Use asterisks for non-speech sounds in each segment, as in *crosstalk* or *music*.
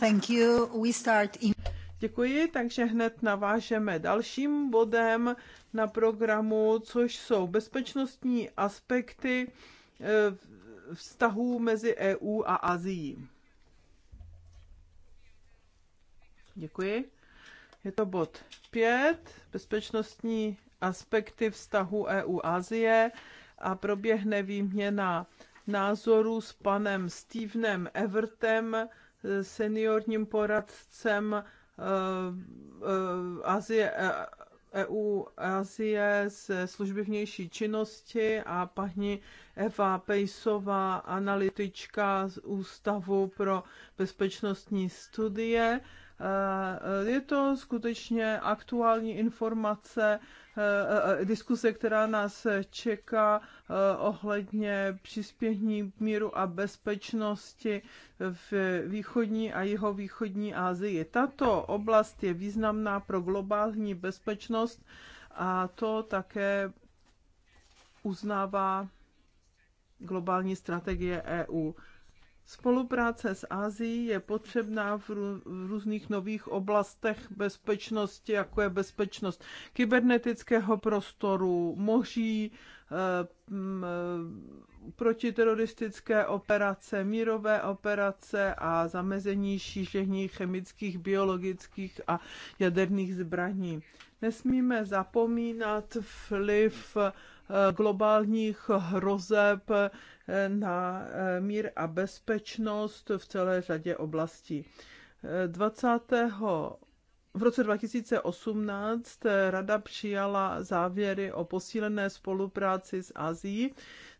Thank you. We start in... Děkuji, takže hned navážeme dalším bodem na programu, což jsou bezpečnostní aspekty eh, vztahů mezi EU a Azií. Děkuji. Je to bod 5, bezpečnostní aspekty vztahu EU-Azie a proběhne výměna názorů s panem Stevenem Evertem, seniorním poradcem eh, eh, Azie, EU eh, e Azie ze služby vnější činnosti a paní Eva Pejsová, analytička z Ústavu pro bezpečnostní studie. Je to skutečně aktuální informace Eh, eh, eh, diskuse, která nás čeká ohledně přispění míru a bezpečnosti v východní a jeho východní Asii. Tato oblast je významná pro globální bezpečnost a to také uznává globální strategie EU. Spolupráce s Ázií je potřebná v, různých nových oblastech bezpečnosti, jako je bezpečnost kybernetického prostoru, moří, Eh, protiteroristické operace, mírové operace a zamezení šíření chemických, biologických a jaderných zbraní. Nesmíme zapomínat vliv eh, globálních hrozeb eh, na mír a bezpečnost v celé řadě oblastí. 20 v roce 2018 Rada přijala závěry o posílené spolupráci s Azií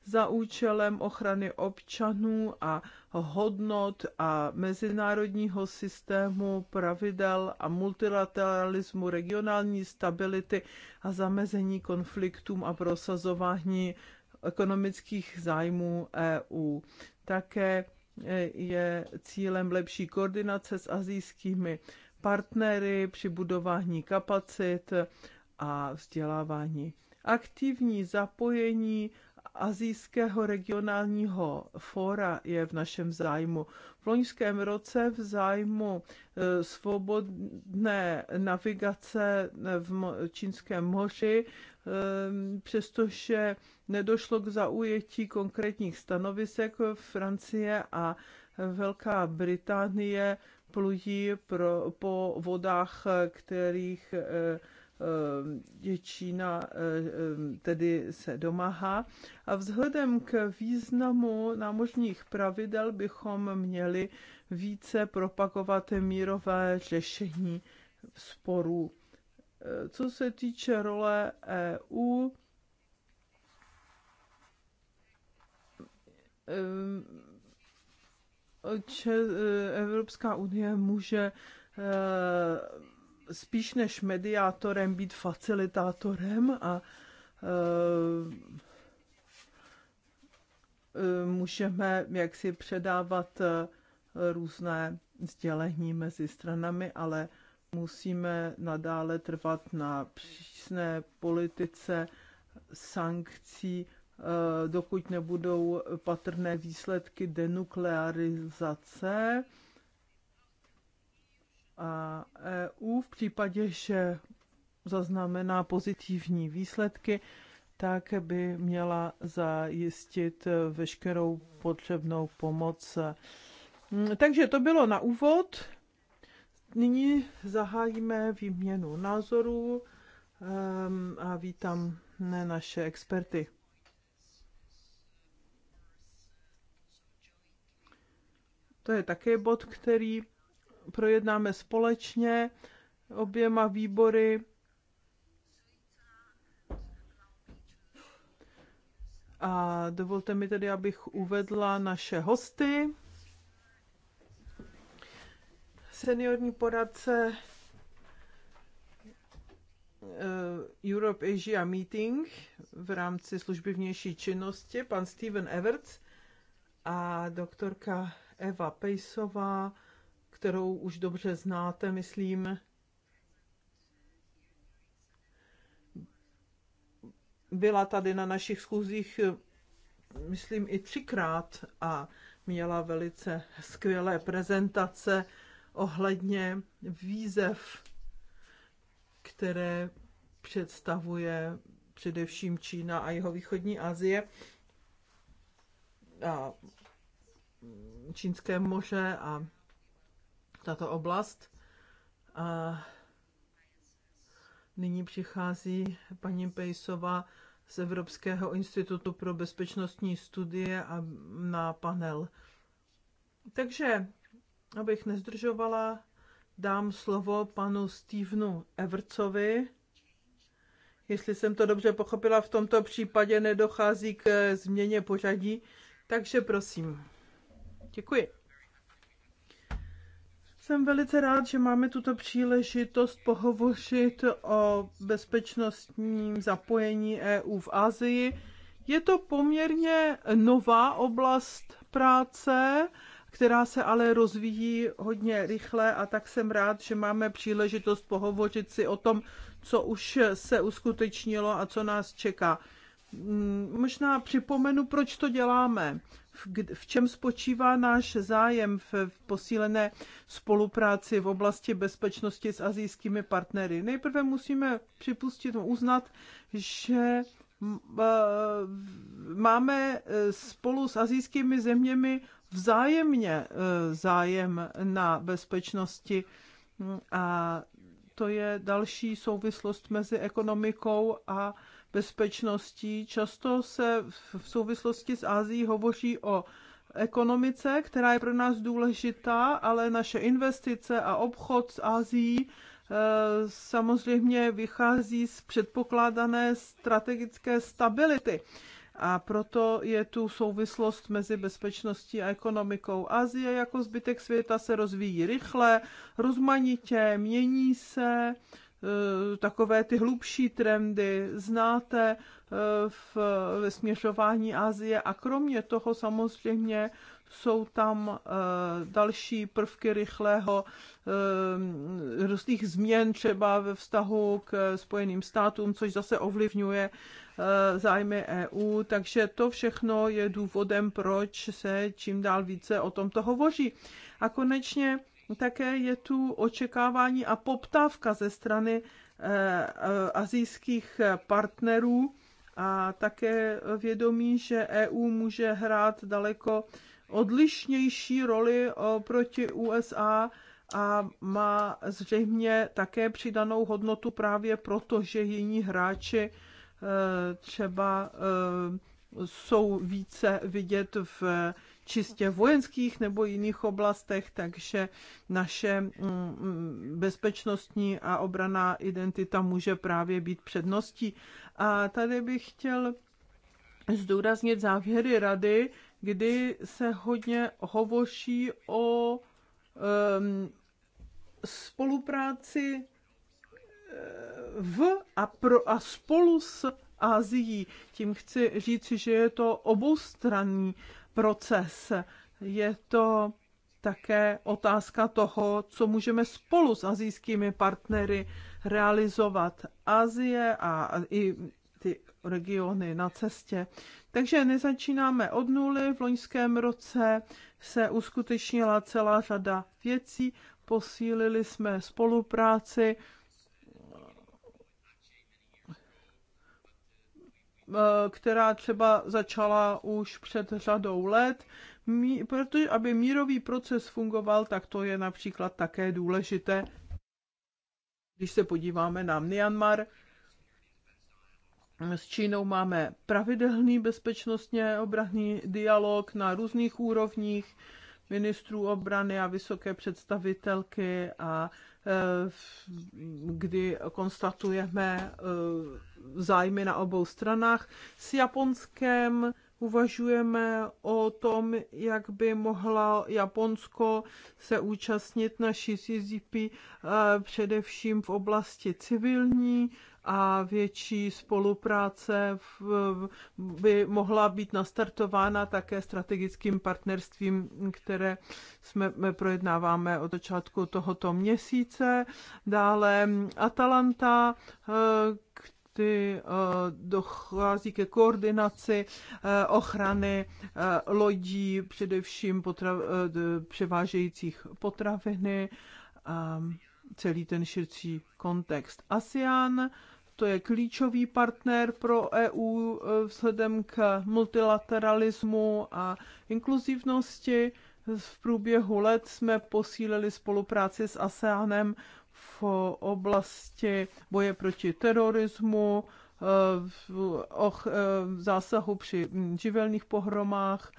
za účelem ochrany občanů a hodnot a mezinárodního systému pravidel a multilateralismu regionální stability a zamezení konfliktům a prosazování ekonomických zájmů EU. Také e, je cílem lepší koordinace s azijskými partnery při budování kapacit a vzdělávání. Aktivní zapojení Azijského regionálního fóra je v našem zájmu. V loňském roce v zájmu e, svobodné navigace e, v Čínském moři, e, přestože nedošlo k zaujetí konkrétních stanovisek Francie a Velká Británie plují pro, po vodách, kterých eh, eh, Čína eh, tedy se domáhá. A vzhledem k významu námořních pravidel bychom měli více propagovat mírové řešení sporů. Co se týče role EU, Eh, Evropská unie může eh, spíš než mediátorem být facilitátorem a eh, můžeme jaksi předávat různé sdělení mezi stranami, ale musíme nadále trvat na přísné politice sankcí Eh, dokud nebudou patrné výsledky denuklearizace. A EU v případě, že zaznamená pozitivní výsledky, tak by měla zajistit veškerou potřebnou pomoc. Hm, takže to bylo na úvod. Nyní zahájíme výměnu názorů ehm, a vítám naše experty. To je také bod, který projednáme společně oběma výbory. A dovolte mi tedy, abych uvedla naše hosty. Seniorní poradce eh, Europe Asia Meeting v rámci služby vnější činnosti, pan Steven Everts a doktorka Eva Pejsová, kterou už dobře znáte, myslím. Byla tady na našich schůzích, myslím, i třikrát a měla velice skvělé prezentace ohledně výzev, které představuje především Čína a jeho východní Asie. A Čínské moře a tato oblast. A nyní přichází paní Pejsová z Evropského institutu pro bezpečnostní studie a na panel. Takže, abych nezdržovala, dám slovo panu Stevenu Evercovi. Jestli jsem to dobře pochopila, v tomto případě nedochází k změně pořadí, takže prosím. Děkuji. Jsem velice rád, že máme tuto příležitost pohovořit o bezpečnostním zapojení EU v Asii. Je to poměrně nová oblast práce, která se ale rozvíjí hodně rychle a tak jsem rád, že máme příležitost pohovořit si o tom, co už se uskutečnilo a co nás čeká. Mm, možná připomenu, proč to děláme v čem spočívá náš zájem v posílené spolupráci v oblasti bezpečnosti s azijskými partnery. Nejprve musíme připustit, no, uznat, že e, máme e, spolu s azijskými zeměmi vzájemně e, zájem na bezpečnosti a to je další souvislost mezi ekonomikou a bezpečností. Často se v souvislosti s Ázií hovoří o ekonomice, která je pro nás důležitá, ale naše investice a obchod s Ázií eh, samozřejmě vychází z předpokládané strategické stability. A proto je tu souvislost mezi bezpečností a ekonomikou. Azie jako zbytek světa se rozvíjí rychle, rozmanitě, mění se, Eh, takové ty hlubší trendy znáte eh, v, ve směřování Asie a kromě toho samozřejmě jsou tam eh, další prvky rychlého různých změn třeba ve vztahu k Spojeným státům, což zase ovlivňuje zájmy EU, takže to všechno je důvodem, proč se čím dál více o tomto hovoří. A konečně No také je tu očekávání a poptávka ze strany eh, eh, azijských partnerů a také vědomí, že EU může hrát daleko odlišnější roli proti USA a má zřejmě také přidanou hodnotu právě proto, že jiní hráči eh, třeba jsou více vidět v čistě vojenských nebo jiných oblastech, takže naše mm, bezpečnostní a obraná identita může právě být předností. A tady bych chtěl zdůraznit závěry rady, kdy se hodně hovoří o um, spolupráci v a, pro, a spolu s Azií. Tím chci říci, že je to oboustranný proces. Je to také otázka toho, co můžeme spolu s azijskými partnery realizovat. Azie a i ty regiony na cestě. Takže nezačínáme od nuly. V loňském roce se uskutečnila celá řada věcí. Posílili jsme spolupráci Eh, která třeba začala už před řadou let, protože aby mírový proces fungoval, tak to je například také důležité. Když se podíváme na Myanmar, s Čínou máme pravidelný bezpečnostně obranný dialog na různých úrovních ministrů obrany a vysoké představitelky a Eh, kdy konstatujeme eh, zájmy na obou stranách. S Japonskem uvažujeme o tom, jak by mohla Japonsko se účastnit naší CZP eh, především v oblasti civilní a větší spolupráce by mohla být nastartována také strategickým partnerstvím, které jsme eh, projednáváme od začátku tohoto měsíce. Dále Atalanta, eh, ty eh, dochází ke koordinaci eh, ochrany eh, lodí, především potra- převážejících potraviny, celý ten širší kontext. ASEAN to je klíčový partner pro EU vzhledem k multilateralismu a inkluzivnosti. V průběhu let jsme posílili spolupráci s ASEANem v oblasti boje proti terorismu, eh, o eh, zásahu při hm, živelných pohromách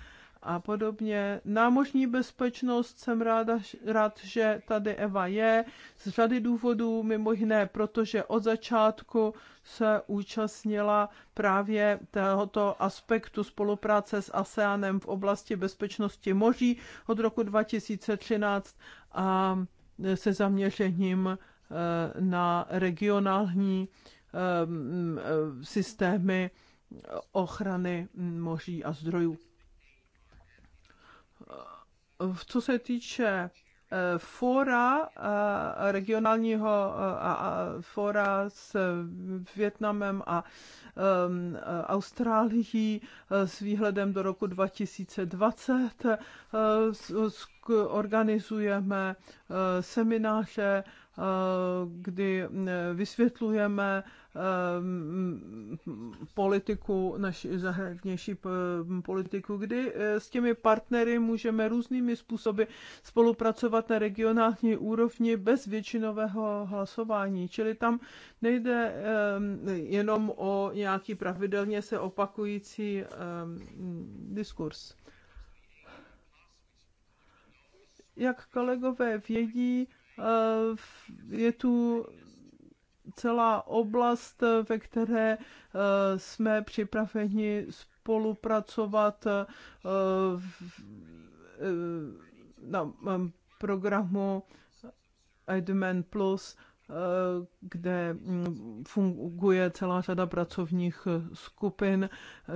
a podobně. Námořní bezpečnost jsem ráda, rád, že tady Eva je, z řady důvodů, mimo jiné, protože od začátku se účastnila právě tohoto aspektu spolupráce s ASEANem v oblasti bezpečnosti moří od roku 2013 a se zaměřením eh, na regionální ehm, eh, systémy ochrany moří a zdrojů. Co se týče fora eh, regionálního eh, fora s Větnamem a eh, Austrálií s výhledem do roku 2020. Organizujeme semináře kdy eh, vysvětlujeme eh, politiku, naši zahraniční eh, politiku, kdy s těmi partnery můžeme různými způsoby spolupracovat na regionální úrovni bez většinového hlasování. Čili tam nejde jenom o nějaký pravidelně se opakující diskurs. Jak kolegové vědí, Eh, je tu celá oblast, ve které eh, jsme připraveni spolupracovat eh, na programu Idoman Plus, kde hm, funguje celá řada pracovních skupin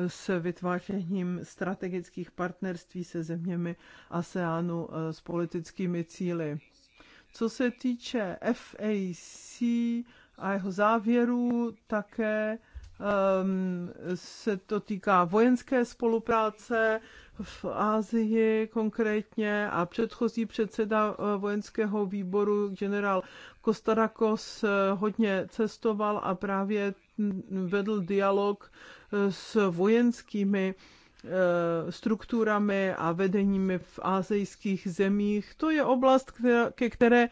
s vytvářením strategických partnerství se zeměmi ASEANu s politickými cíly. Co se týče FAC a jeho závěrů, také um, se to týká vojenské spolupráce v Ázii konkrétně a předchozí předseda eh, vojenského výboru generál Kostarakos eh, hodně cestoval a právě mm, vedl dialog eh, s vojenskými Eh, strukturami a vedeními v azijských zemích. To je oblast, ke které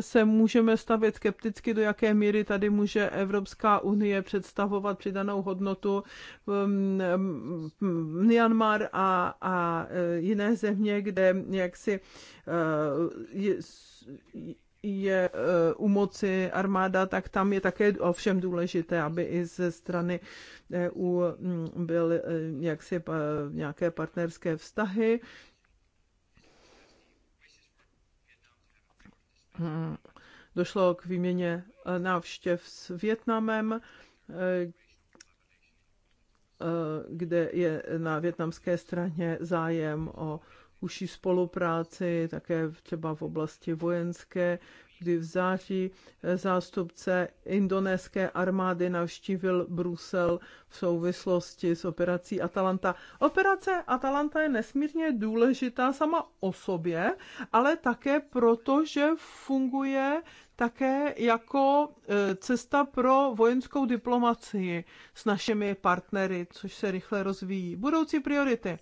se můžeme stavět skepticky, do jaké míry tady může Evropská unie představovat přidanou hodnotu ehm, ehm, Myanmar a, a eh, jiné země, kde jaksi eh, je, je e, u moci armáda, tak tam je také ovšem důležité, aby i ze strany EU mm, byly e, jaksi nějaké partnerské vztahy. Hmm. Došlo k výměně e, návštěv s Větnamem, kde je na větnamské straně zájem o užší spolupráci také třeba v oblasti vojenské, kdy v září eh, zástupce indonéské armády navštívil Brusel v souvislosti s operací Atalanta. Operace Atalanta je nesmírně důležitá sama o sobě, ale také proto, že funguje také jako eh, cesta pro vojenskou diplomacii s našimi partnery, což se rychle rozvíjí. Budoucí priority.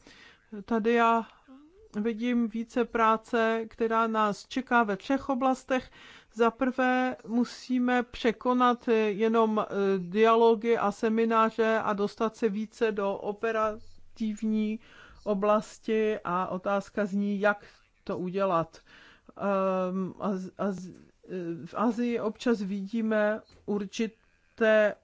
Tady já vidím více práce, která nás čeká ve třech oblastech. Za prvé musíme překonat jenom eh, dialogy a semináře a dostat se více do operativní oblasti a otázka zní, jak to udělat. Ehm, eh, v Azii občas vidíme určité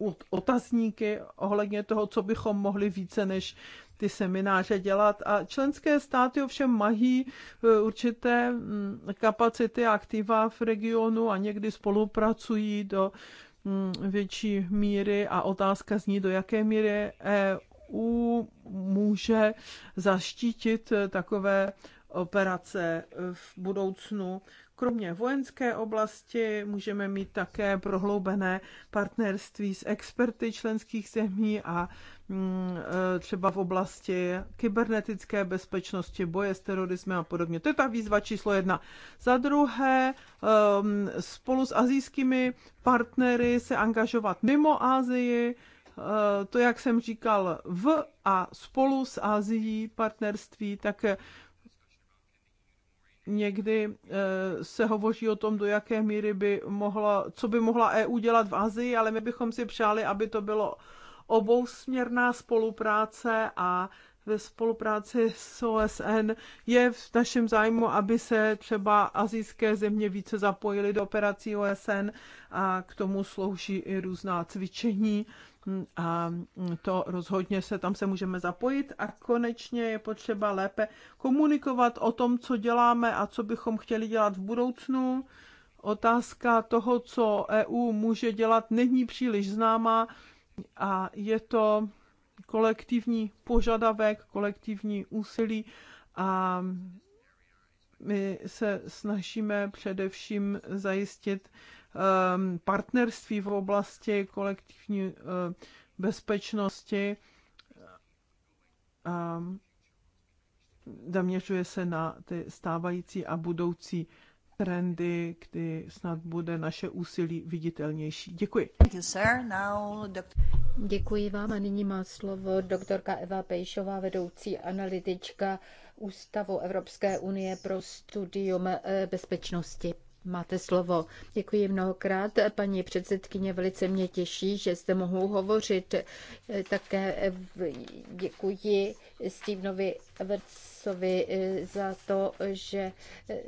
eh, otazníky ohledně toho, co bychom mohli více než ty semináře dělat. A členské státy ovšem mají e, určité mm, kapacity aktiva v regionu a někdy spolupracují do mm, větší míry a otázka zní, do jaké míry EU může zaštítit e, takové operace v budoucnu Kromě vojenské oblasti můžeme mít také prohloubené partnerství s experty členských zemí a mm, e, třeba v oblasti kybernetické bezpečnosti, boje s terorismem a podobně. To je ta výzva číslo jedna. Za druhé, spolu s azijskými partnery se angažovat mimo Asii, e, to, jak jsem říkal, v a spolu s Azií partnerství, tak Někdy eh, se hovoří o tom, do jaké míry by mohla, co by mohla EU dělat v Azii, ale my bychom si přáli, aby to bylo obousměrná spolupráce a ve spolupráci s OSN je v našem zájmu, aby se třeba azijské země více zapojily do operací OSN a k tomu slouží i různá cvičení a to rozhodně se tam se můžeme zapojit a konečně je potřeba lépe komunikovat o tom, co děláme a co bychom chtěli dělat v budoucnu. Otázka toho, co EU může dělat, není příliš známá a je to kolektivní požadavek, kolektivní úsilí a my se snažíme především zajistit, Um, partnerství v oblasti kolektivní uh, bezpečnosti a um, zaměřuje se na ty stávající a budoucí trendy, kdy snad bude naše úsilí viditelnější. Děkuji. Děkuji vám a nyní má slovo doktorka Eva Pejšová, vedoucí analytička Ústavu Evropské unie pro studium eh, bezpečnosti. Máte slovo. Děkuji mnohokrát. Paní předsedkyně, velice mě těší, že zde mohu hovořit. Také děkuji Stevenovi Vercovi eh, za to, že eh,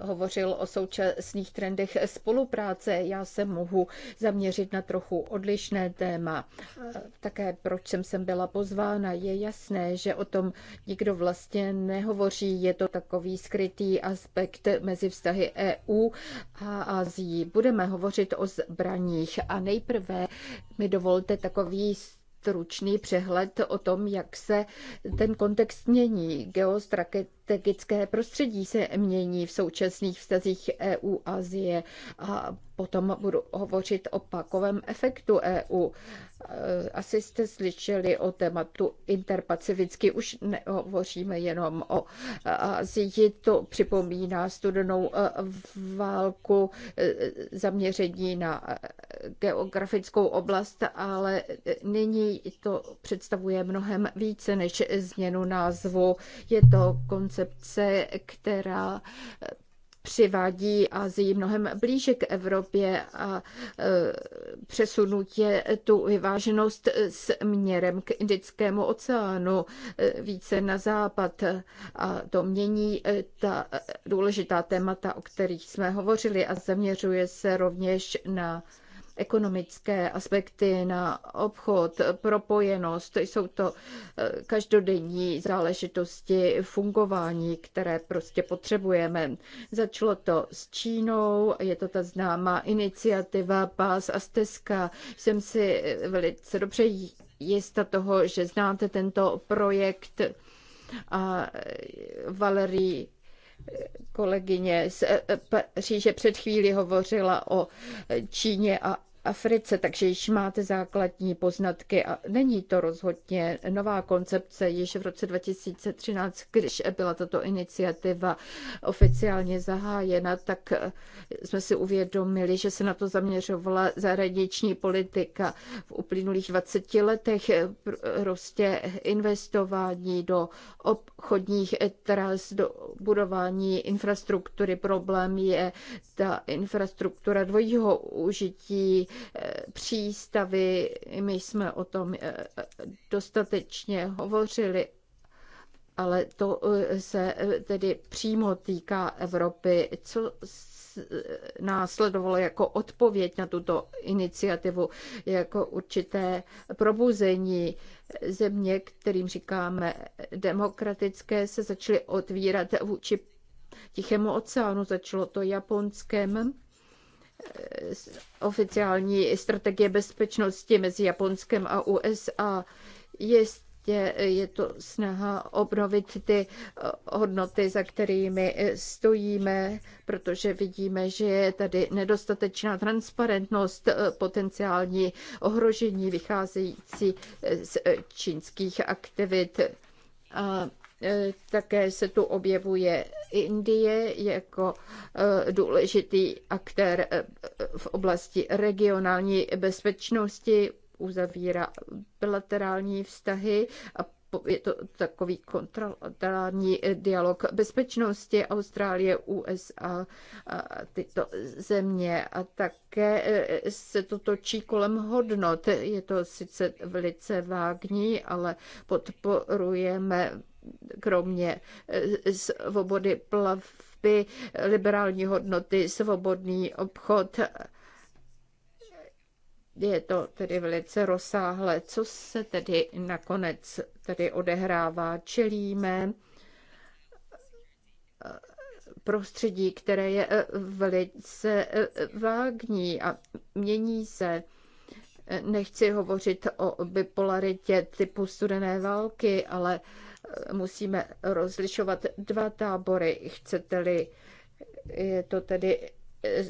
hovořil o současných trendech spolupráce. Já se mohu zaměřit na trochu odlišné téma. Eh, také proč jsem sem byla pozvána. Je jasné, že o tom nikdo vlastně nehovoří. Je to takový skrytý aspekt mezi vztahy EU a Azií. Budeme hovořit o zbraních a nejprve mi dovolte takový stručný přehled o tom, jak se ten kontext mění. Geostrategické prostředí se mění v současných vztazích EU-Azie a Potom budu hovořit o pakovém efektu EU. Eh, asi jste slyšeli o tématu interpacificky, už nehovoříme jenom o Azii, to připomíná studenou eh, válku, eh, zaměření na geografickou oblast, ale nyní to představuje mnohem více než změnu názvu. Je to koncepce, která přivádí Azii mnohem blíže k Evropě a e, přesunutě tu vyváženost měrem k Indickému oceánu e, více na západ. A to mění e, ta důležitá témata, o kterých jsme hovořili a zaměřuje se rovněž na ekonomické aspekty, na obchod, propojenost. Jsou to eh, každodenní záležitosti fungování, které prostě potřebujeme. Začalo to s Čínou, je to ta známá iniciativa Pás a stezka. Jsem si eh, velice dobře jista toho, že znáte tento projekt a eh, Valerie Kolegyně z Paříže před chvílí hovořila o Číně a Africe, takže již máte základní poznatky a není to rozhodně nová koncepce. Již v roce 2013, když byla tato iniciativa oficiálně zahájena, tak eh, jsme si uvědomili, že se na to zaměřovala zahraniční politika. V uplynulých 20 letech prostě investování do obchodních tras, do budování infrastruktury. Problém je ta infrastruktura dvojího užití přístavy. My jsme o tom eh, eh, dostatečně hovořili, ale to eh, se tedy přímo týká Evropy. Co následovalo jako odpověď na tuto iniciativu, jako určité probuzení země, kterým říkáme demokratické, se začaly otvírat vůči Tichému oceánu. Začalo to Japonském. Eh, oficiální strategie bezpečnosti mezi Japonskem a USA. Jistě eh, je to snaha obnovit ty eh, hodnoty, za kterými stojíme, protože vidíme, že je tady nedostatečná transparentnost, potenciální ohrožení vycházející z čínských aktivit. A E, také se tu objevuje Indie jako e, důležitý aktér e, v oblasti regionální bezpečnosti, uzavírá bilaterální vztahy a je to takový kontralaterální dialog bezpečnosti Austrálie, USA, a tyto země a také se to točí kolem hodnot. Je to sice velice vágní, ale podporujeme kromě eh, svobody plavby, liberální hodnoty, svobodný obchod. Je to tedy velice rozsáhlé. Co se tedy nakonec tedy odehrává? Čelíme eh, prostředí, které je eh, velice vágní a mění se. Nechci hovořit o bipolaritě typu studené války, ale musíme rozlišovat dva tábory. Chcete-li, je to tedy eh,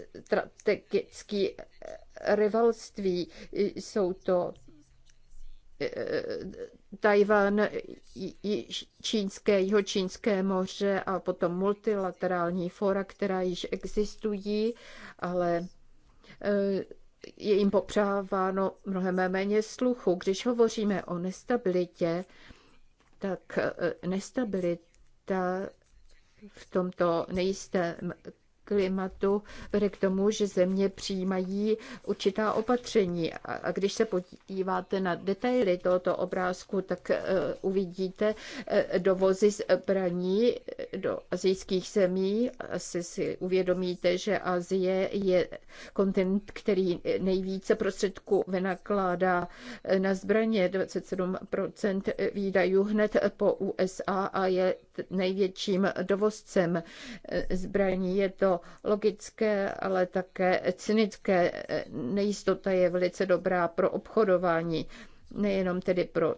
strategický eh, rivalství, jsou to eh, Tajvan, čínské, jihočínské moře a potom multilaterální fora, která již existují, ale je jim popřáváno mnohem méně sluchu. Když hovoříme o nestabilitě, tak eh, nestabilita v tomto nejistém klimatu vede k tomu, že země přijímají určitá opatření. A když se podíváte na detaily tohoto obrázku, tak e, uvidíte e, dovozy zbraní do azijských zemí. Asi si uvědomíte, že Azie je kontinent, který nejvíce prostředků vynakládá na zbraně, 27% výdajů hned po USA a je největším dovozcem zbraní. Je to logické, ale také cynické. Nejistota je velice dobrá pro obchodování, nejenom tedy pro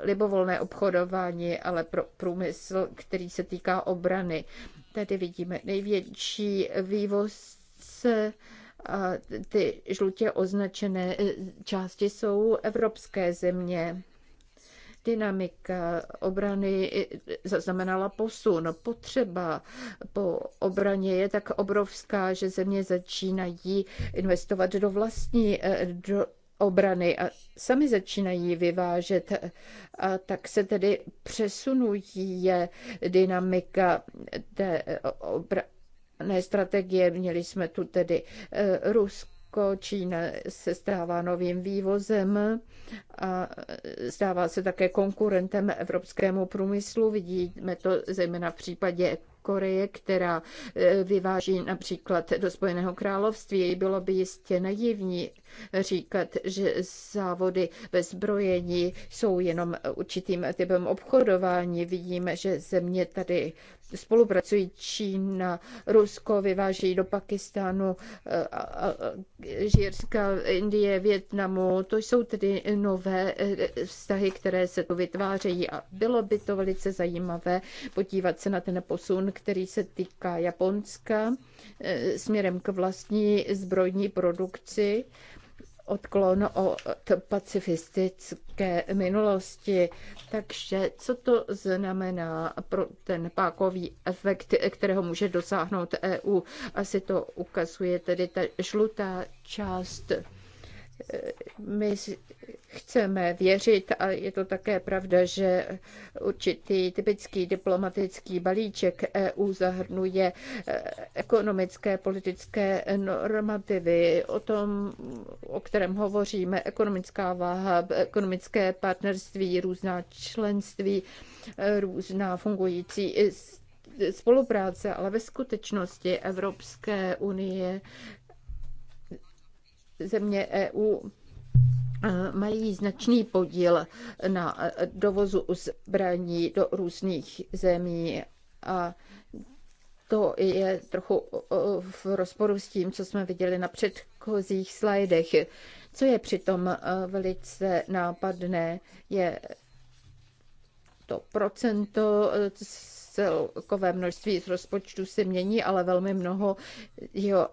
libovolné obchodování, ale pro průmysl, který se týká obrany. Tady vidíme největší vývozce a ty žlutě označené části jsou evropské země. Dynamika eh, obrany zaznamenala posun. Potřeba po obraně je tak obrovská, že země začínají investovat do vlastní eh, do obrany a sami začínají vyvážet. A tak se tedy přesunuje dynamika té eh, obrany strategie. Měli jsme tu tedy Rusko, Rusko, Čína se stává novým vývozem a stává se také konkurentem evropskému průmyslu. Vidíme to zejména v případě Koreje, která e, vyváží například do Spojeného království. Bylo by jistě naivní říkat, že závody ve zbrojení jsou jenom určitým typem obchodování. Vidíme, že země tady spolupracují Čína, Rusko vyvážejí do Pakistánu, eh, Žírska, Indie, Větnamu. To jsou tedy nové eh, vztahy, které se tu vytvářejí a bylo by to velice zajímavé podívat se na ten posun, který se týká Japonska eh, směrem k vlastní zbrojní produkci odklon od pacifistické minulosti. Takže co to znamená pro ten pákový efekt, kterého může dosáhnout EU? Asi to ukazuje tedy ta žlutá část my chceme věřit, a je to také pravda, že určitý typický diplomatický balíček EU zahrnuje eh, ekonomické, politické normativy, o tom, o kterém hovoříme, ekonomická váha, ekonomické partnerství, různá členství, eh, různá fungující spolupráce, ale ve skutečnosti Evropské unie země EU eh, mají značný podíl na eh, dovozu zbraní do různých zemí a to je trochu eh, v rozporu s tím, co jsme viděli na předchozích slajdech. Co je přitom velice nápadné, je to procento celkové množství z rozpočtu se mění, ale velmi mnoho jeho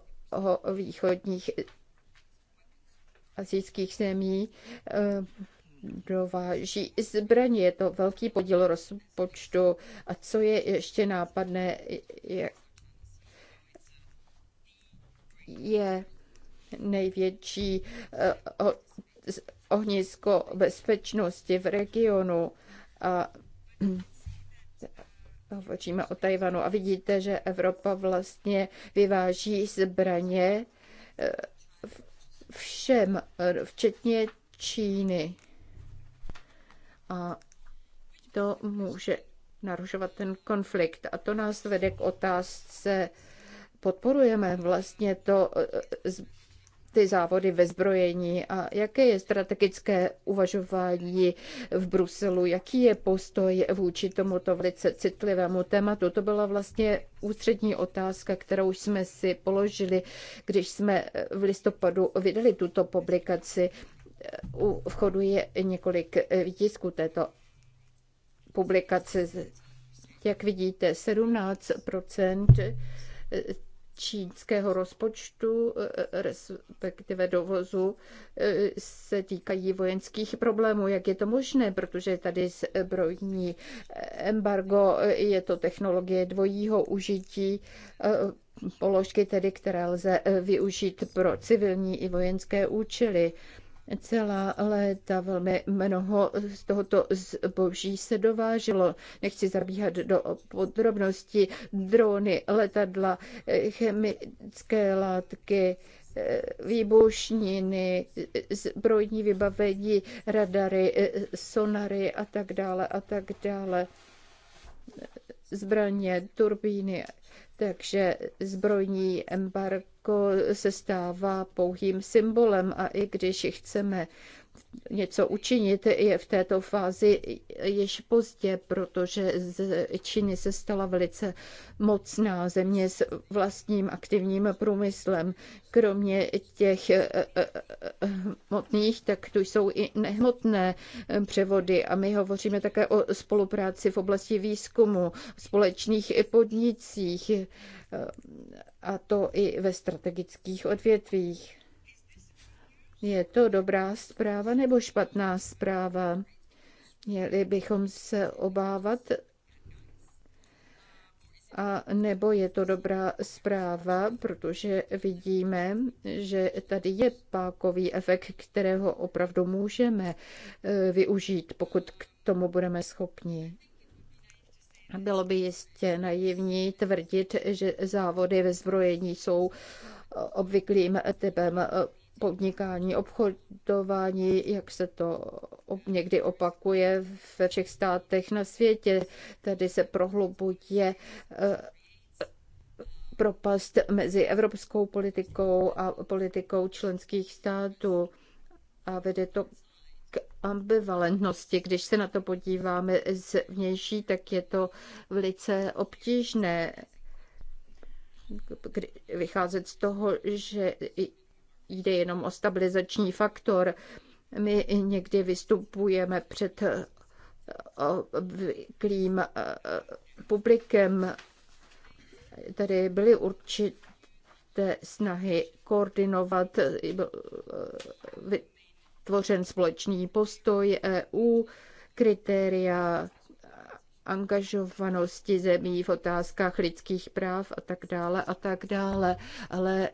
východních azijských zemí eh, dováží zbraně. Je to velký podíl rozpočtu. A co je ještě nápadné, je, je největší eh, ohnisko bezpečnosti v regionu. A *clears throat* hovoříme o Tajvanu a vidíte, že Evropa vlastně vyváží zbraně eh, všem, eh, včetně Číny. A to může narušovat ten konflikt. A to nás vede k otázce, podporujeme vlastně to eh, ty závody ve zbrojení a jaké je strategické uvažování v Bruselu, jaký je postoj vůči tomuto velice citlivému tématu. To byla vlastně ústřední otázka, kterou jsme si položili, když jsme v listopadu vydali tuto publikaci. U vchodu je několik výtisků této publikace. Jak vidíte, 17 čínského rozpočtu, e, e, respektive dovozu, e, se týkají vojenských problémů. Jak je to možné? Protože tady zbrojní embargo, je to technologie dvojího užití, položky tedy, které lze využít pro civilní i vojenské účely celá léta. Velmi mnoho z tohoto zboží se dováželo. Nechci zabíhat do podrobností. Drony, letadla, chemické látky, výbušniny, zbrojní vybavení, radary, sonary a tak dále a tak dále. Zbraně, turbíny takže zbrojní embargo se stává pouhým symbolem a i když chceme něco učinit, je v této fázi již pozdě, protože z Číny se stala velice mocná země s vlastním aktivním průmyslem. Kromě těch eh, eh, eh, hmotných, tak tu jsou i nehmotné převody a my hovoříme také o spolupráci v oblasti výzkumu, společných podnicích a to i ve strategických odvětvích. Je to dobrá zpráva nebo špatná zpráva? Měli bychom se obávat, a nebo je to dobrá zpráva, protože vidíme, že tady je pákový efekt, kterého opravdu můžeme e, využít, pokud k tomu budeme schopni. Bylo by jistě naivní tvrdit, že závody ve zbrojení jsou obvyklým typem e, podnikání, obchodování, jak se to někdy opakuje ve všech státech na světě. Tady se prohlubuje eh, propast mezi evropskou politikou a politikou členských států a vede to k ambivalentnosti. Když se na to podíváme z vnější, tak je to velice obtížné vycházet z toho, že jde jenom o stabilizační faktor. My někdy vystupujeme před eh, obvyklým eh, publikem. Tady byly určité snahy koordinovat, eh, vytvořen společný postoj EU, kritéria angažovanosti zemí v otázkách lidských práv a tak dále a tak dále. Ale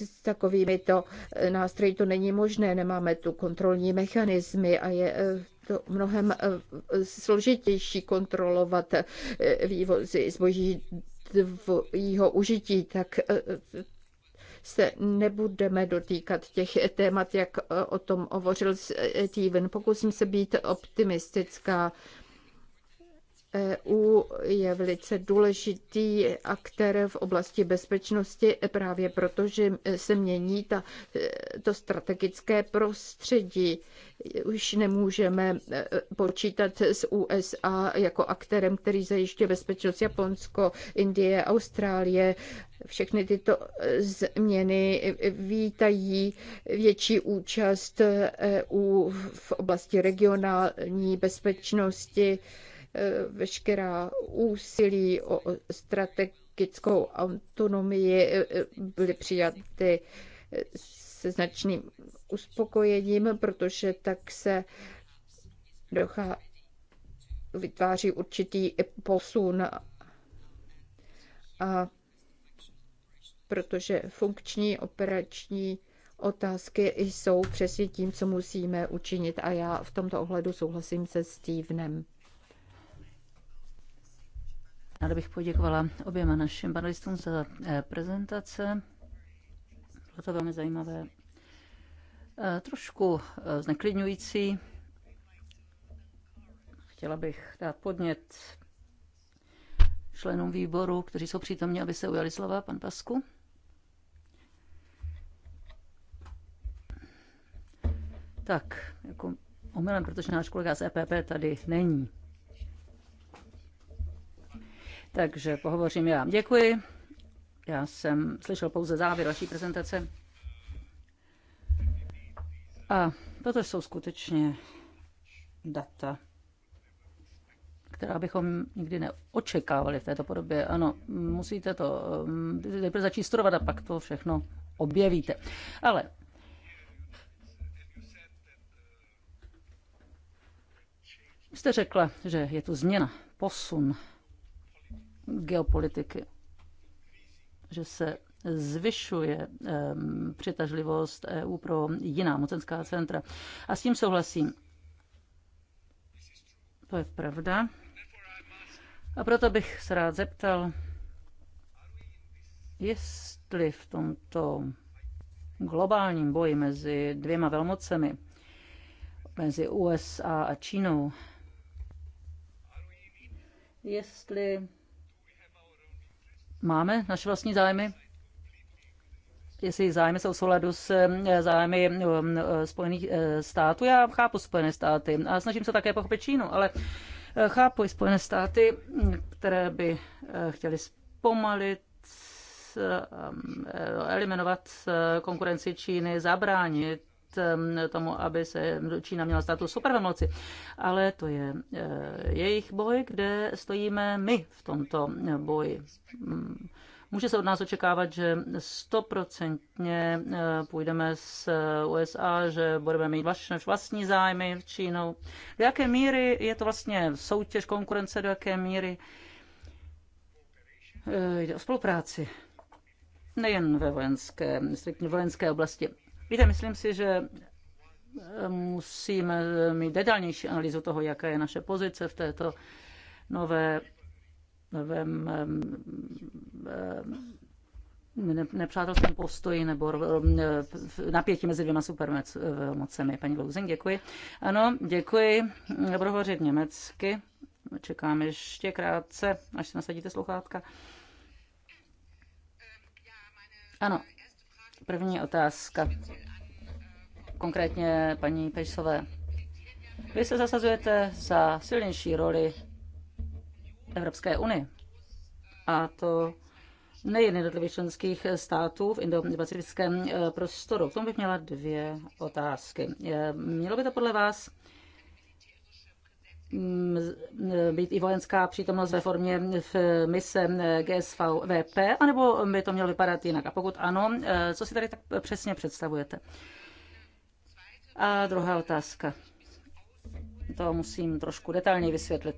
s takovými to e, nástroji to není možné, nemáme tu kontrolní mechanismy a je e, to mnohem e, složitější kontrolovat vývozy zboží jeho užití, tak se nebudeme dotýkat těch témat, jak o tom hovořil Steven. Pokusím se být optimistická. EU je velice důležitý aktér v oblasti bezpečnosti e právě proto, že se mění ta, e, to strategické prostředí. Už nemůžeme e, počítat s USA jako aktérem, který zajišťuje bezpečnost Japonsko, Indie, Austrálie. Všechny tyto změny vítají větší účast EU v oblasti regionální bezpečnosti. Eh, veškerá úsilí o strategickou autonomii eh, eh, byly přijaty se značným uspokojením, protože tak se dochá, vytváří určitý posun a protože funkční operační otázky jsou přesně tím, co musíme učinit a já v tomto ohledu souhlasím se Stevenem. Ráda bych poděkovala oběma našim panelistům za eh, prezentace. Bylo to velmi zajímavé. Eh, trošku eh, zneklidňující. Chtěla bych dát podnět členům výboru, kteří jsou přítomní, aby se ujali slova. Pan Pasku. Tak, jako omylem, protože náš kolega z EPP tady není. Takže pohovořím já. Děkuji. Já jsem slyšel pouze závěr vaší prezentace. A toto jsou skutečně data, která bychom nikdy neočekávali v této podobě. Ano, musíte to eh, nejprve začít studovat a pak to všechno objevíte. Ale jste řekla, že je tu změna, posun geopolitiky, že se zvyšuje přitažlivost EU pro jiná mocenská centra. A s tím souhlasím. To je pravda. A proto bych se rád zeptal, jestli v tomto globálním boji mezi dvěma velmocemi, mezi USA a Čínou, jestli máme naše vlastní zájmy? jestli zájmy jsou v souladu s eh, zájmy eh, eh, Spojených států. Já chápu Spojené státy a snažím se také pochopit Čínu, ale chápu i Spojené státy, které by chtěly zpomalit eliminovat konkurenci Číny, zabránit Ehm, tomu, aby se Čína měla status supervelmoci. Ale to je eh, jejich boj, kde stojíme my v tomto eh, boji. Mm. Může se od nás očekávat, že stoprocentně eh, půjdeme s USA, že budeme mít vlastní zájmy v Čínou. Do jaké míry je to vlastně soutěž, konkurence, do jaké míry jde o spolupráci? Nejen ve vojenské, striktně vojenské oblasti. Víte, myslím si, že eh, musíme eh, mít detailnější analýzu toho, jaká je naše pozice v této nové novém, nepřátelském postoji nebo napětí mezi dvěma supermocemi. Paní Louzing, děkuji. Ano, děkuji. Budu hovořit německy. Čekám ještě krátce, až si nasadíte sluchátka. Ano, První otázka. Konkrétně paní Pejsové. Vy se zasazujete za silnější roli Evropské unie. A to nejen jednotlivých členských států v indopacifickém eh, prostoru. K tomu bych měla dvě otázky. Eh, mělo by to podle vás Mm, mm, být i vojenská přítomnost ve formě v mise GSVVP, anebo by to mělo vypadat jinak? A pokud ano, eh, co si tady tak přesně představujete? A druhá otázka. To musím trošku detailně vysvětlit.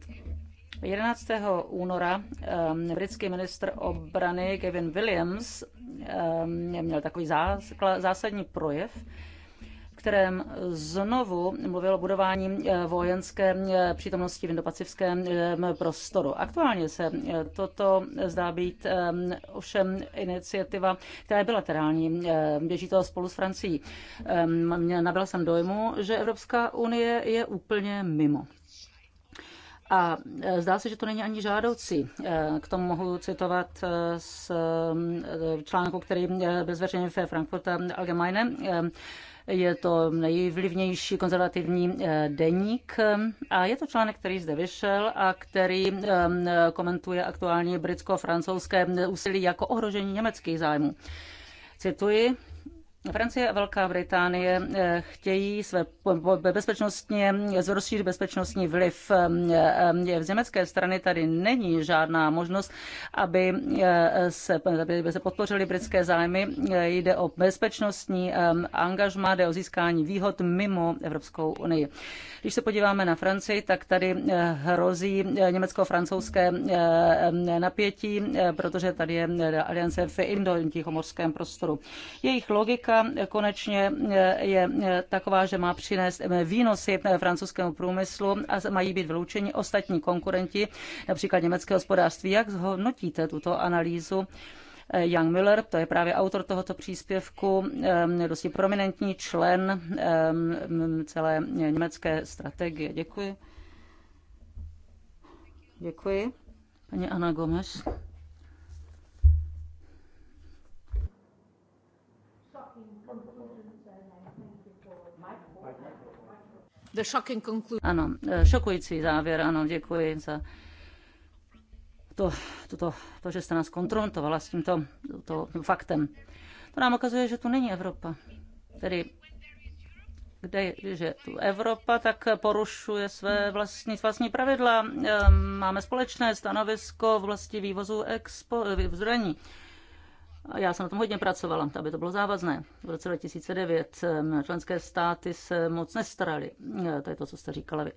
11. února eh, britský ministr obrany Kevin Williams eh, měl takový zásadní projev, kterém znovu mluvil o budování eh, vojenské eh, přítomnosti v indopacifském eh, prostoru. Aktuálně se toto zdá být ovšem iniciativa, která je bilaterální, běží to spolu s Francií. Nabyl jsem dojmu, že Evropská unie je úplně mimo. A zdá se, že to není ani žádoucí. K tomu mohu citovat z článku, který byl zveřejněn ve Frankfurta Allgemeine je to nejvlivnější konzervativní eh, deník a je to článek, který zde vyšel a který eh, komentuje aktuální britsko-francouzské úsilí jako ohrožení německých zájmů. Cituji, Francie a Velká Británie eh, chtějí své bezpečnostně, zrozšířit bezpečnostní vliv. v eh, eh, německé strany tady není žádná možnost, aby se, aby se podpořili britské zájmy. Jde o bezpečnostní angažma, jde o získání výhod mimo Evropskou unii. Když se podíváme na Francii, tak tady hrozí německo-francouzské napětí, protože tady je aliance v indo-tichomorském prostoru. Jejich logika myšlenka konečně eh, je eh, taková, že má přinést eh, výnosy francouzskému průmyslu a mají být vyloučeni ostatní konkurenti, například německé hospodářství. Jak zhodnotíte tuto analýzu? Jan Müller, to je právě autor tohoto příspěvku, dosti prominentní člen celé německé strategie. Děkuji. Děkuji. Paní Anna Gomes. Ano, eh, šokující závěr, ano, děkuji za to, to, to, to že jste nás konfrontovala s tímto to, to faktem. To nám ukazuje, že tu není Evropa. Tedy kde že tu Evropa tak porušuje své vlastní, vlastní pravidla. Ehm, máme společné stanovisko v vlasti vývozu expo, eh, zbraní. Já jsem na tom hodně pracovala, aby to bylo závazné. V roce 2009 členské státy se moc nestaraly. E, to je to, co jste říkala vy.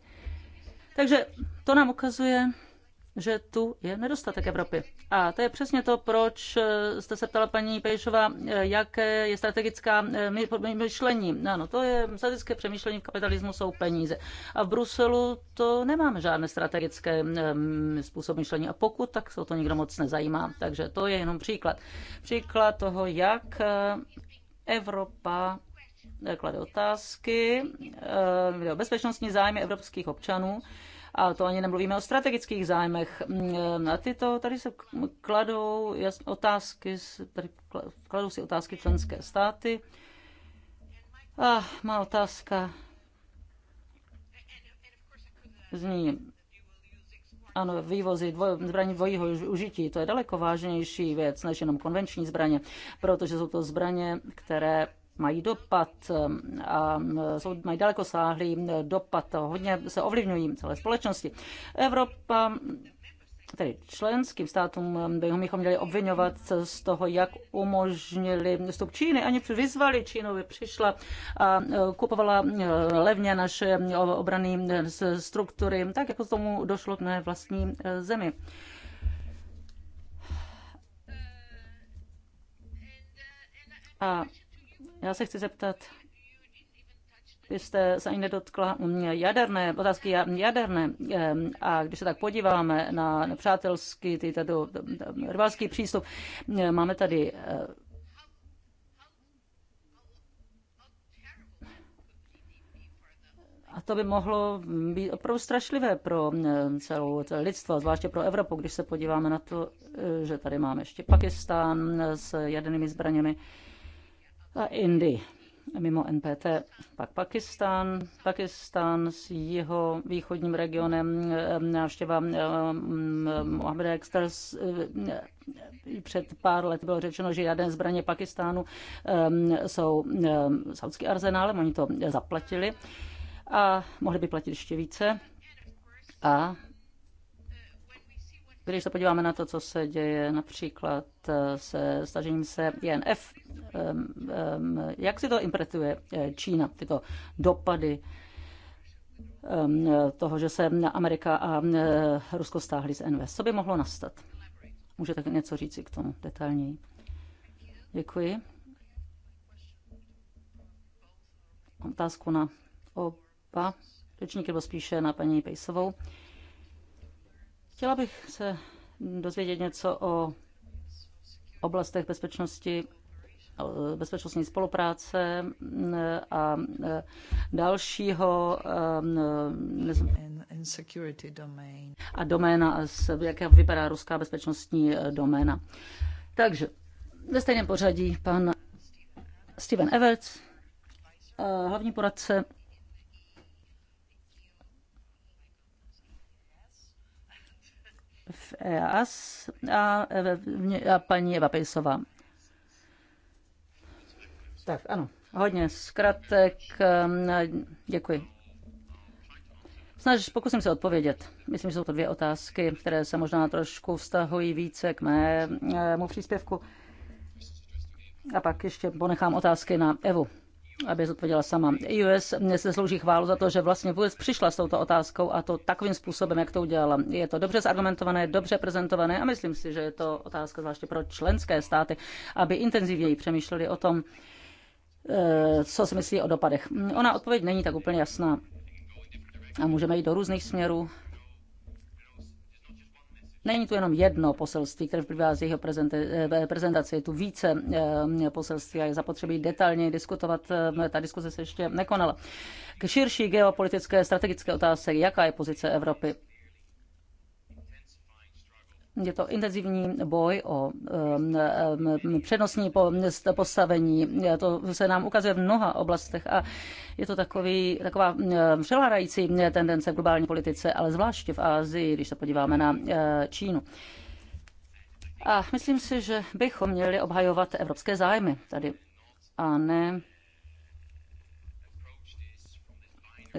Takže to nám ukazuje, že tu je nedostatek Evropy. A to je přesně to, proč eh, jste se ptala paní Pejšova, eh, jaké je strategická eh, myšlení. Ano, no, to je strategické přemýšlení v kapitalismu jsou peníze. A v Bruselu to nemáme žádné strategické způsob myšlení. A pokud, tak se o to nikdo moc nezajímá. Takže to je jenom příklad. Příklad toho, jak Evropa klade otázky, bezpečnostní zájmy evropských občanů a to ani nemluvíme o strategických zájmech. Mm, a tyto, tady se kladou otázky, tady kladou si otázky členské státy. A má otázka zní, ano, vývozy dvoj, zbraní dvojího užití, to je daleko vážnější věc než jenom konvenční zbraně, protože jsou to zbraně, které mají dopad ehm, a ehm, jsou, mají daleko sáhlý dopad a hodně se ovlivňují celé společnosti. Evropa tedy členským státům ehm, bychom měli obvinovat z toho, jak umožnili vstup Číny. Ani vyzvali Čínu, aby přišla a e, kupovala e, levně naše obrané e, struktury, tak jako tomu došlo k mé vlastní zemi. A já se chci zeptat, vy jste se ani nedotkla mm, jaderné, otázky jaderné. A když se tak podíváme na nepřátelský, ty tato rvalský přístup, máme tady eh, A to by mohlo být opravdu strašlivé pro celou lidstvo, zvláště pro Evropu, když se podíváme na to, eh, že tady máme ještě Pakistán s jadernými zbraněmi a Indy. Mimo NPT pak Pakistán, Pakistán s jeho východním regionem eh, návštěva eh, mm, eh, Mohameda Extras před pár lety bylo řečeno, že jeden zbraně Pakistánu jsou saudský arzenálem, oni to zaplatili a mohli by platit ještě více. A když se podíváme na to, co se děje například eh, se stažením se INF, jak si to interpretuje eh, Čína, tyto dopady toho, že se Amerika a eh, Rusko stáhly z NVS. Co by mohlo nastat? Můžete něco říct k tomu detailněji? Děkuji. Otázku na oba řečníky, nebo spíše na paní Pejsovou. Chtěla bych se dozvědět něco o oblastech bezpečnosti bezpečnostní spolupráce eh, a eh, dalšího eh, a doména, jak vypadá ruská bezpečnostní doména. Takže ve stejném pořadí pan Steven Everts, hlavní poradce v EAS a, a paní Eva Pejsová. Tak ano, hodně zkratek. Ehm, děkuji. Snaž, pokusím se odpovědět. Myslím, že jsou to dvě otázky, které se možná trošku vztahují více k mému příspěvku. A pak ještě ponechám otázky na Evu aby zodpověděla sama. US se slouží chválu za to, že vlastně vůbec přišla s touto otázkou a to takovým způsobem, jak to udělala. Je to dobře zargumentované, dobře prezentované a myslím si, že je to otázka zvláště pro členské státy, aby intenzivněji přemýšleli o tom, eh, co si myslí o dopadech. Ona odpověď není tak úplně jasná a můžeme jít do různých směrů Není tu jenom jedno poselství, které vyplývá z jeho eh, prezentace, je tu více eh, poselství a je zapotřebí detailně diskutovat. Eh, ta diskuze se ještě nekonala. K širší geopolitické strategické otázce, jaká je pozice Evropy? Je to intenzivní boj o um, um, přednostní postavení. To se nám ukazuje v mnoha oblastech a je to takový, taková um, přelárající tendence v globální politice, ale zvláště v Ázii, když se podíváme na uh, Čínu. A myslím si, že bychom měli obhajovat evropské zájmy tady a ne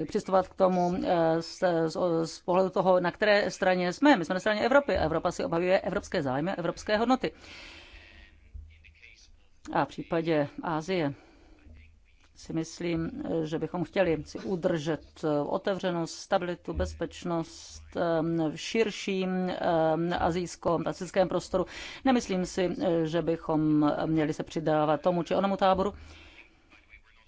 přistupovat k tomu z, z, z pohledu toho, na které straně jsme. My jsme na straně Evropy a Evropa si obhajuje evropské zájmy a evropské hodnoty. A v případě Ázie si myslím, že bychom chtěli si udržet eh, otevřenost, stabilitu, bezpečnost eh, v širším eh, azijsko-pacifickém prostoru. Nemyslím si, že bychom měli se přidávat tomu či onomu táboru.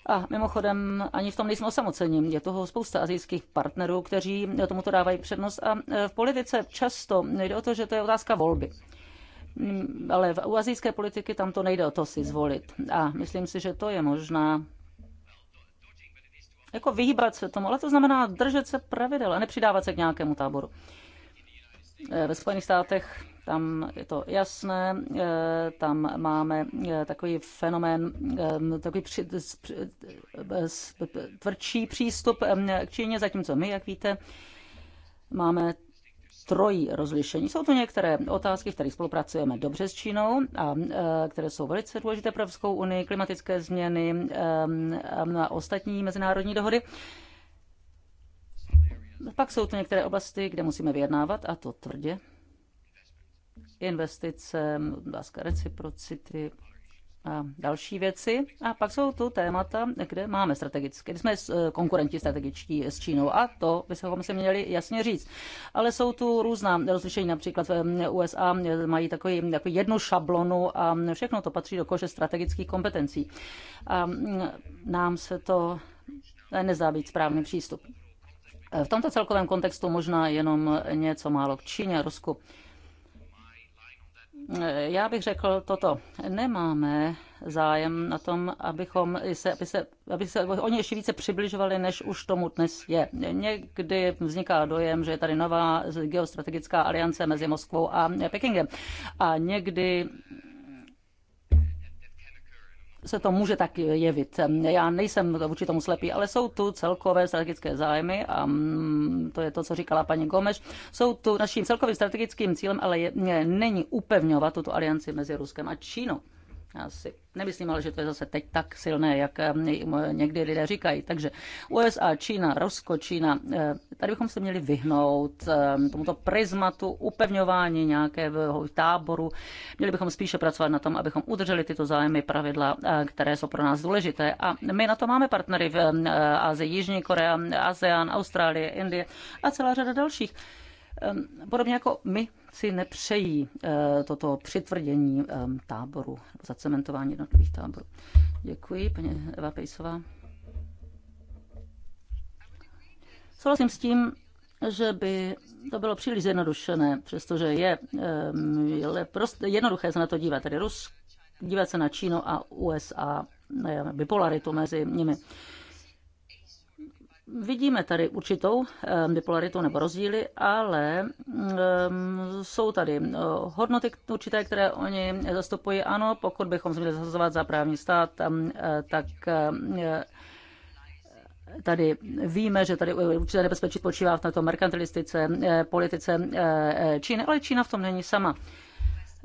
A mimochodem, ani v tom nejsme osamocení. Je toho spousta azijských partnerů, kteří tomuto dávají přednost. A e, v politice často nejde o to, že to je otázka volby mm, ale u azijské politiky tam to nejde o to si zvolit. A myslím si, že to je možná jako vyhýbat se tomu, ale to znamená držet se pravidel a nepřidávat se k nějakému táboru. E, ve Spojených státech tam je to jasné, eh, tam máme eh, takový fenomén, eh, takový při, tvrdší přístup k Číně, zatímco my, jak víte, máme trojí rozlišení. Jsou to některé otázky, v kterých spolupracujeme dobře s Čínou a které jsou velice důležité pro Evropskou unii, klimatické změny a ostatní mezinárodní dohody. Pak jsou to některé oblasti, kde musíme vyjednávat a to tvrdě investice, otázka reciprocity a další věci. A pak jsou tu témata, kde máme strategické, kde jsme eh, konkurenti strategičtí s Čínou a to bychom si měli jasně říct. Ale jsou tu různá rozlišení, například v eh, USA eh, mají takový, takový jednu šablonu a všechno to patří do kože strategických kompetencí. A mm, nám se to nezdá být správný přístup. V tomto celkovém kontextu možná jenom něco málo k Číně a Rusku já bych řekl toto. Nemáme zájem na tom, abychom se, aby se, aby se oni ještě více přibližovali, než už tomu dnes je. Někdy vzniká dojem, že je tady nová geostrategická aliance mezi Moskvou a Pekingem. A někdy se to může tak jevit. Já nejsem vůči tomu slepý, ale jsou tu celkové strategické zájmy a mm, to je to, co říkala paní Gomeš. Jsou tu naším celkovým strategickým cílem, ale je, není upevňovat tuto alianci mezi Ruskem a Čínou. Já si nemyslím, ale že to je zase teď tak silné, jak eh, někdy lidé říkají. Takže USA, Čína, Rusko, Čína, eh, tady bychom se měli vyhnout eh, tomuto prismatu upevňování nějakého táboru. Měli bychom spíše pracovat na tom, abychom udrželi tyto zájmy, pravidla, které jsou pro nás důležité. A my na to máme partnery v Azii, Jižní Korea, ASEAN, Austrálie, Indie a celá řada dalších podobně jako my si nepřejí eh, toto přitvrdění táboru, zacementování jednotlivých táborů. Děkuji, paní Eva Pejsová. Souhlasím s tím, že by to bylo příliš zjednodušené, přestože je, je prost, jednoduché se na to dívat, tedy Rus, dívat se na Čínu a USA, bipolaritu mezi nimi. Vidíme tady určitou eh, bipolaritu nebo rozdíly, ale mm, eh, jsou tady eh, hodnoty určité, které oni zastupují. Ano, pokud bychom se měli zasazovat za právní stát, tak tady víme, že tady určité nebezpečí počívá na tom merkantilistice, politice Číny, ale Čína v tom není sama.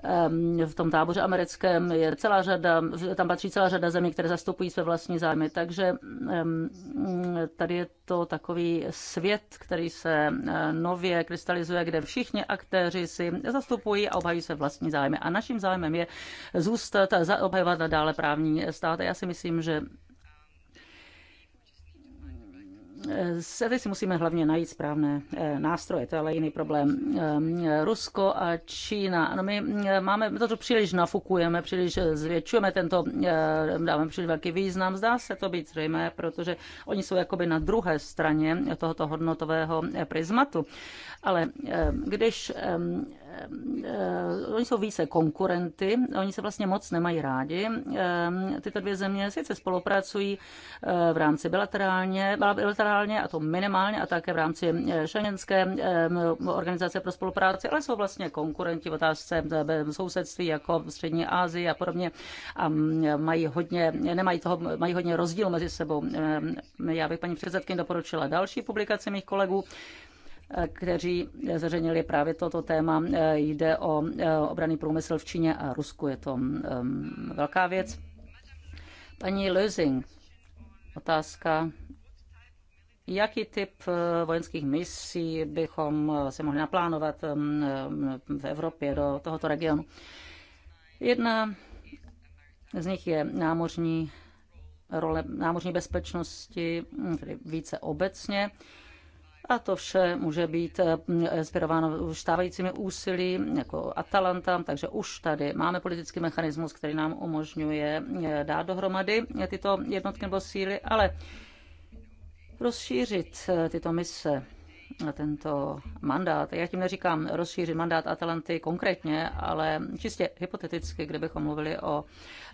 Ehm, v tom táboře americkém je celá řada, tam patří celá řada zemí, které zastupují své vlastní zájmy. Takže ehm, tady je to takový svět, který se eh, nově krystalizuje, kde všichni aktéři si zastupují a obhají se vlastní zájmy. A naším zájmem je zůstat a obhajovat nadále právní stát. A já si myslím, že Tady si musíme hlavně najít správné eh, nástroje, to je ale jiný problém. Eh, Rusko a Čína, No my eh, máme, my to příliš nafukujeme, příliš zvětšujeme tento, dáme příliš velký význam, zdá se to být zřejmé, protože oni jsou jakoby na druhé straně tohoto hodnotového prismatu. Ale když Ehm, ehm, oni jsou více konkurenty, oni se vlastně moc nemají rádi. Ehm, tyto dvě země sice spolupracují eh, v rámci bilaterálně, bilaterálně a to minimálně a také v rámci uh, organizace pro spolupráci, ale jsou vlastně konkurenti v otázce eh, sousedství jako v Střední Asii a podobně a mm, mají hodně, nemají toho, mají hodně rozdíl mezi sebou. Já bych paní předsedkyně doporučila další publikaci mých kolegů, kteří zařenili právě toto téma. Jde o eh, obraný průmysl v Číně a Rusku. Je to ehm, velká věc. Paní Lösing, otázka Jaký typ eh, vojenských misí bychom eh, se mohli naplánovat ehm, ehm, v Evropě do tohoto regionu? Jedna z nich je námořní role námořní bezpečnosti, tedy více obecně. A to vše může být eh, inspirováno stávajícími úsilí jako Atalanta, takže už tady máme politický mechanismus, který nám umožňuje eh, dát dohromady tyto jednotky nebo síly, ale rozšířit eh, tyto mise tento mandát. Já tím neříkám rozšířit mandát Atalanty konkrétně, ale čistě hypoteticky, kdybychom mluvili o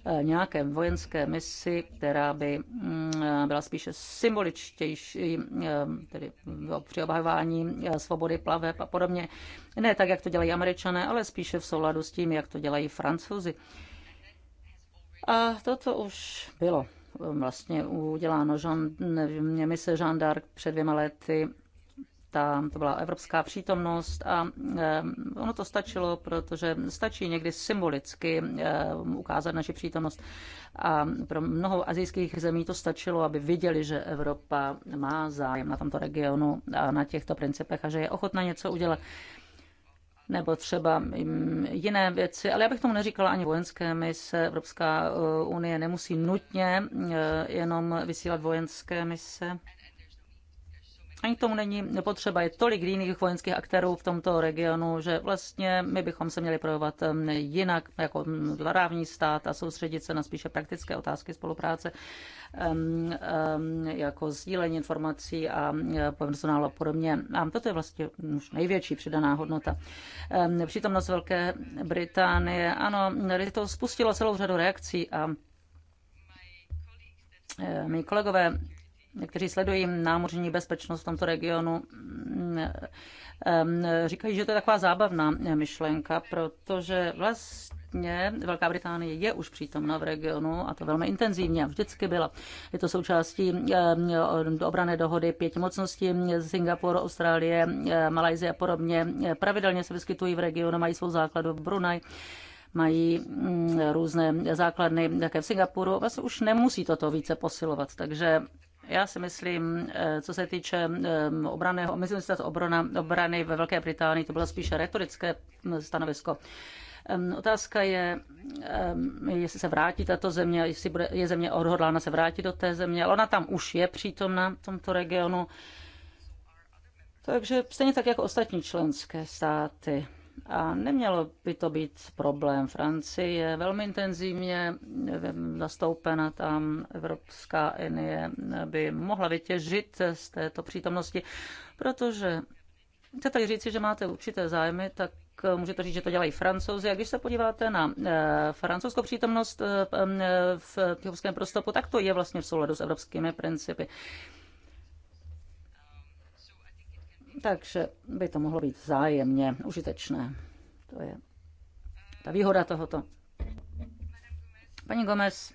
eh, nějaké vojenské misi, která by mm, byla spíše symboličtější, eh, tedy při obhajování eh, svobody plaveb a podobně. Ne tak, jak to dělají američané, ale spíše v souladu s tím, jak to dělají francouzi. A toto už bylo vlastně uděláno. Jean, mise Jean d'Arc před dvěma lety ta, to byla evropská přítomnost a eh, ono to stačilo, protože stačí někdy symbolicky eh, ukázat naši přítomnost a pro mnoho azijských zemí to stačilo, aby viděli, že Evropa má zájem na tomto regionu a na těchto principech a že je ochotna něco udělat nebo třeba mm, jiné věci, ale já bych tomu neříkala ani vojenské mise. Evropská eh, unie nemusí nutně jenom vysílat vojenské mise. Ani k tomu není potřeba. Je tolik jiných vojenských aktérů v tomto regionu, že vlastně my bychom se měli projevovat um, jinak jako um, rávní stát a soustředit se na spíše praktické otázky spolupráce, um, jako sdílení informací a personálu a podobně. A toto je vlastně už největší přidaná hodnota. Přítomnost Velké Británie, ano, to spustilo celou řadu reakcí a eh, mý kolegové kteří sledují námořní bezpečnost v tomto regionu, mm, mm, mm, říkají, že to je taková zábavná myšlenka, protože vlastně Velká Británie je už přítomna v regionu a to velmi intenzivně vždycky byla. Je to součástí eh, obrané dohody pěti mocností, Singapur, Austrálie, eh, Malajzie a podobně. Pravidelně se vyskytují v regionu, mají svou základu v Brunei mají různé základny také v Singapuru, vlastně už nemusí toto více posilovat. Takže já si myslím, eh, co se týče eh, obraného, myslím, že obrana, obrany ve Velké Británii, to bylo spíše retorické hm, stanovisko. Ehm, otázka je, ehm, jestli se vrátí tato země, jestli bude, je země odhodlána se vrátit do té země, ale ona tam už je přítomna v tomto regionu. Takže stejně tak jako ostatní členské státy. A nemělo by to být problém. Francie je velmi intenzivně zastoupena tam. Evropská unie by mohla vytěžit z této přítomnosti, protože chcete říci, že máte určité zájmy, tak můžete říct, že to dělají francouzi. A když se podíváte na eh, francouzskou přítomnost eh, eh, v kyjovském prostoru, tak to je vlastně v souladu s evropskými principy takže by to mohlo být zájemně užitečné. To je ta výhoda tohoto. Paní Gomez,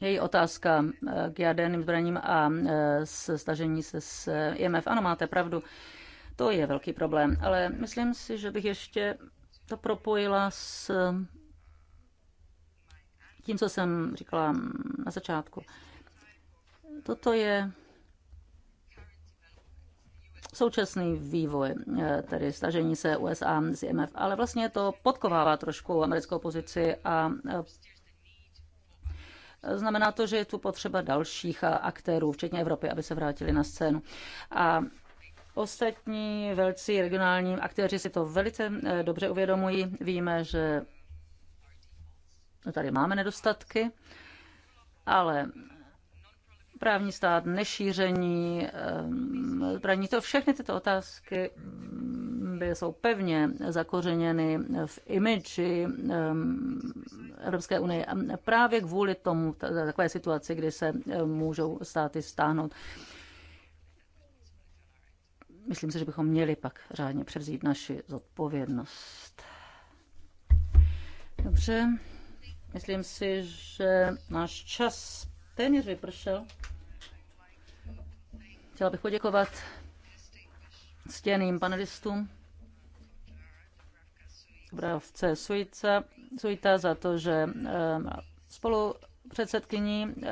její otázka eh, k jaderným zbraním a eh, s stažení se s eh, IMF. Ano, máte pravdu, to je velký problém, ale myslím si, že bych ještě to propojila s tím, co jsem říkala na začátku. Toto je současný vývoj, eh, tedy stažení se USA z IMF, ale vlastně to podkovává trošku americkou pozici a eh, Znamená to, že je tu potřeba dalších eh, aktérů, včetně Evropy, aby se vrátili na scénu. A ostatní velcí regionální aktéři si to velice dobře uvědomují. Víme, že tady máme nedostatky, ale právní stát, nešíření, ehm, právní to všechny tyto otázky mm, jsou pevně zakořeněny v imidži ehm, Evropské unie právě kvůli tomu, takové situaci, kdy se eh, můžou státy stáhnout. Myslím si, že bychom měli pak řádně převzít naši zodpovědnost. Dobře, myslím si, že náš čas téměř vypršel. Chtěla bych poděkovat ctěným panelistům bravce Suice. Suita za to, že eh, spolu předsedkyní eh,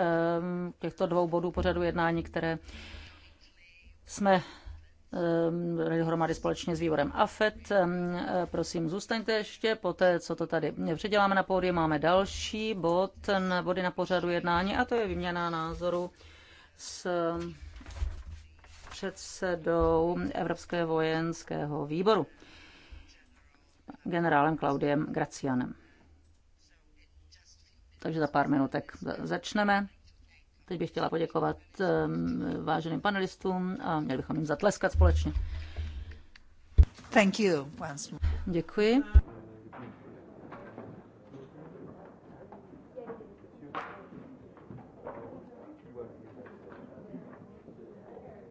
těchto dvou bodů pořadu jednání, které jsme Eh, hromady společně s vývorem AFET. Eh, prosím, zůstaňte ještě, poté, co to tady předěláme na pódium, máme další bod, body na pořadu jednání a to je výměna názoru s předsedou Evropské vojenského výboru, generálem Klaudiem Gracianem. Takže za pár minutek začneme. Teď bych chtěla poděkovat váženým panelistům a měli bychom jim zatleskat společně. Thank you. Děkuji.